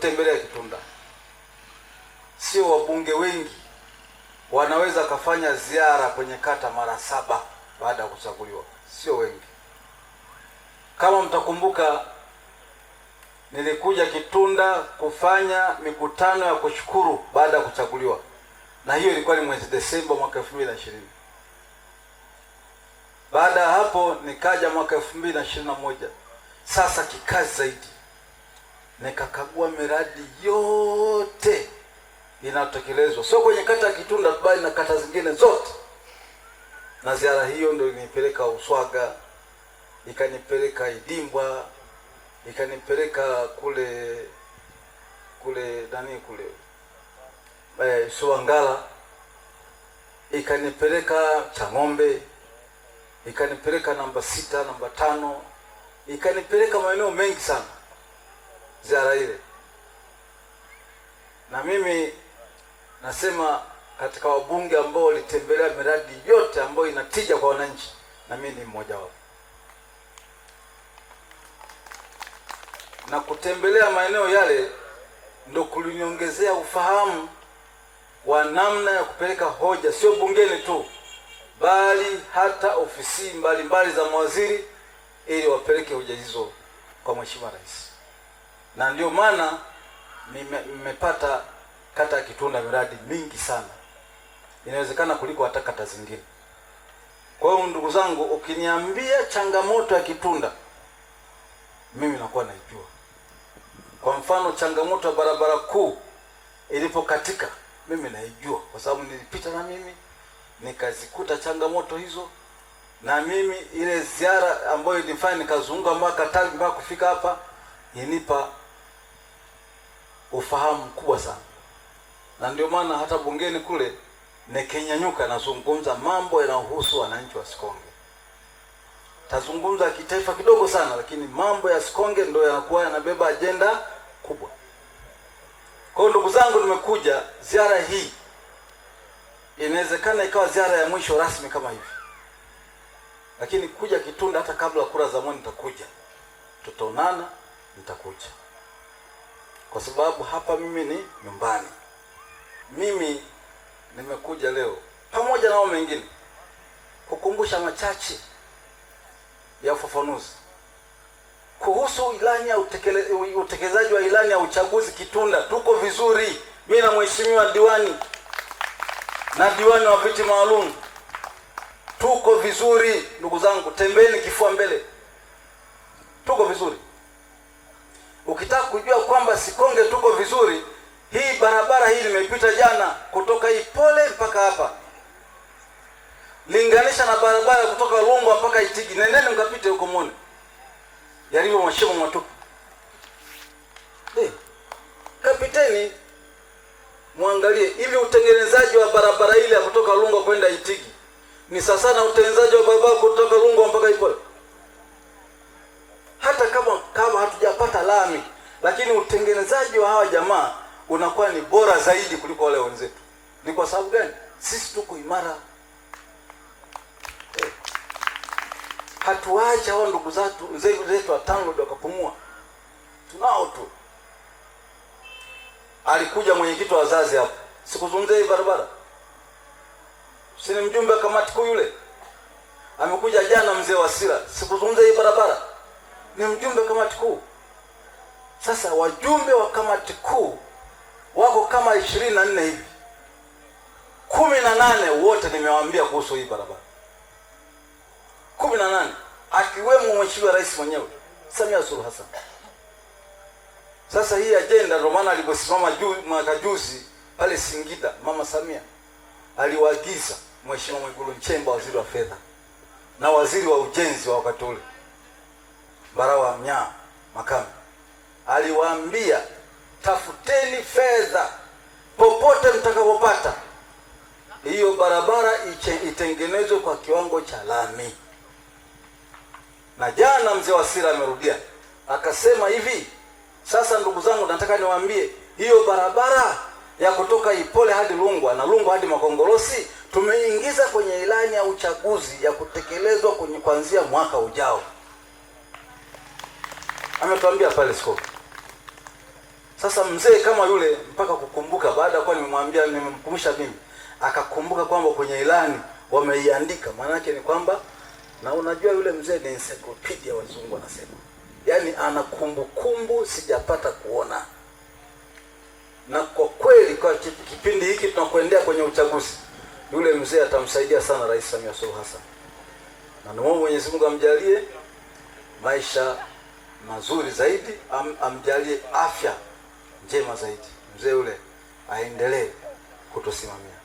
kutembelea Kitunda. Sio wabunge wengi wanaweza kafanya ziara kwenye kata mara saba baada ya kuchaguliwa, sio wengi. Kama mtakumbuka, nilikuja Kitunda kufanya mikutano ya kushukuru baada ya kuchaguliwa, na hiyo ilikuwa ni mwezi Desemba mwaka elfu mbili na ishirini. Baada ya hapo nikaja mwaka elfu mbili na ishirini na moja sasa kikazi zaidi nikakagua miradi yote inayotekelezwa, sio kwenye kata ya Kitunda bali na kata zingine zote. Na ziara hiyo ndio ilinipeleka Uswaga, ikanipeleka Idimbwa, ikanipeleka kule kule nani kule eh, Suangala, ikanipeleka Chang'ombe, ikanipeleka namba sita, namba tano, ikanipeleka maeneo mengi sana ziara ile, na mimi nasema katika wabunge ambao walitembelea miradi yote ambayo inatija kwa wananchi, na mimi ni mmoja wao. Na kutembelea maeneo yale ndo kuliniongezea ufahamu wa namna ya kupeleka hoja, sio bungeni tu, bali hata ofisi mbalimbali za mawaziri, ili wapeleke hoja hizo kwa Mheshimiwa Rais na ndio maana nimepata me, kata ya Kitunda miradi mingi sana, inawezekana kuliko hata kata zingine. Kwa hiyo ndugu zangu, ukiniambia changamoto ya Kitunda mimi nakuwa naijua. Kwa mfano changamoto ya barabara kuu ilipokatika, mimi naijua kwa sababu nilipita na mimi nikazikuta changamoto hizo, na mimi ile ziara ambayo ilifanya nikazunguka mpaka Katavi mpaka kufika hapa inipa ufahamu mkubwa sana, na ndio maana hata bungeni kule nikinyanyuka nazungumza mambo yanayohusu wananchi wa Sikonge. Tazungumza kitaifa kidogo sana, lakini mambo ya Sikonge ndio yanakuwa yanabeba ajenda kubwa. Kwa hiyo ndugu zangu, nimekuja ziara hii, inawezekana ikawa ziara ya mwisho rasmi kama hivi, lakini kuja Kitunda, hata kabla kura za mwani nitakuja, tutaonana, nitakuja kwa sababu hapa mimi ni nyumbani. Mimi nimekuja leo pamoja na wao mengine kukumbusha machache ya ufafanuzi kuhusu ilani ya utekelezaji wa ilani ya uchaguzi Kitunda. Tuko vizuri, mimi na mheshimiwa diwani na diwani wa viti maalum tuko vizuri. Ndugu zangu, tembeni kifua mbele, tuko vizuri. Ukitaka kujua kwamba Sikonge tuko vizuri, hii barabara hii nimepita jana kutoka Ipole mpaka hapa, linganisha na barabara kutoka Lungwa mpaka Itigi. Nendeni mkapite huko muone yalivyo mashimo matupu. Eh, kapiteni mwangalie hivi, utengenezaji wa barabara ile ya kutoka Lungwa kwenda Itigi ni sasa na utengenezaji wa barabara kutoka Lungwa mpaka Itigi. lakini utengenezaji wa hawa jamaa unakuwa ni bora zaidi kuliko wale wenzetu. Ni kwa sababu gani? Sisi tuko imara hey. Eh. Hatuwaacha hao ndugu zetu zetu watano ndio wakapumua, tunao tu. Alikuja mwenyekiti wa wazazi hapo, sikuzungumzia hii barabara, si ni mjumbe wa kamati kuu yule amekuja jana, mzee Wasira, sikuzungumzia hii barabara, ni mjumbe kamati kuu. Sasa wajumbe wa kamati kuu wako kama ishirini na nne hivi, kumi na nane wote nimewaambia kuhusu hii barabara, kumi na nane akiwemo mheshimiwa rais mwenyewe Samia Suluhu Hassan. Sasa hii ajenda, ndio maana aliposimama juu mwaka juzi pale Singida, mama Samia aliwaagiza mheshimiwa Mwigulu Nchemba, waziri wa fedha na waziri wa ujenzi wa wakati ule barawa Mnyaa Makame aliwaambia, tafuteni fedha popote mtakapopata, hiyo barabara itengenezwe kwa kiwango cha lami. Na jana mzee Wasira amerudia akasema hivi, sasa ndugu zangu, nataka niwaambie hiyo barabara ya kutoka Ipole hadi Lungwa na Lungwa hadi Makongorosi tumeingiza kwenye ilani ya uchaguzi ya kutekelezwa kwenye kuanzia mwaka ujao, ametuambia pale skopu. Sasa mzee kama yule mpaka kukumbuka, baada ya kuwa nimemwambia nimemkumbusha mimi, akakumbuka kwamba kwenye ilani wameiandika. Maana yake ni kwamba, na unajua yule mzee ni encyclopedia, wazungu wanasema, yaani ana kumbukumbu sijapata kuona. Na kwa kweli, kwa kipindi hiki tunakuendea kwenye uchaguzi, yule mzee atamsaidia sana Rais Samia Suluhu Hassan, na naomba Mwenyezi Mungu amjalie maisha mazuri zaidi, am, amjalie afya njema zaidi, mzee ule aendelee kutusimamia.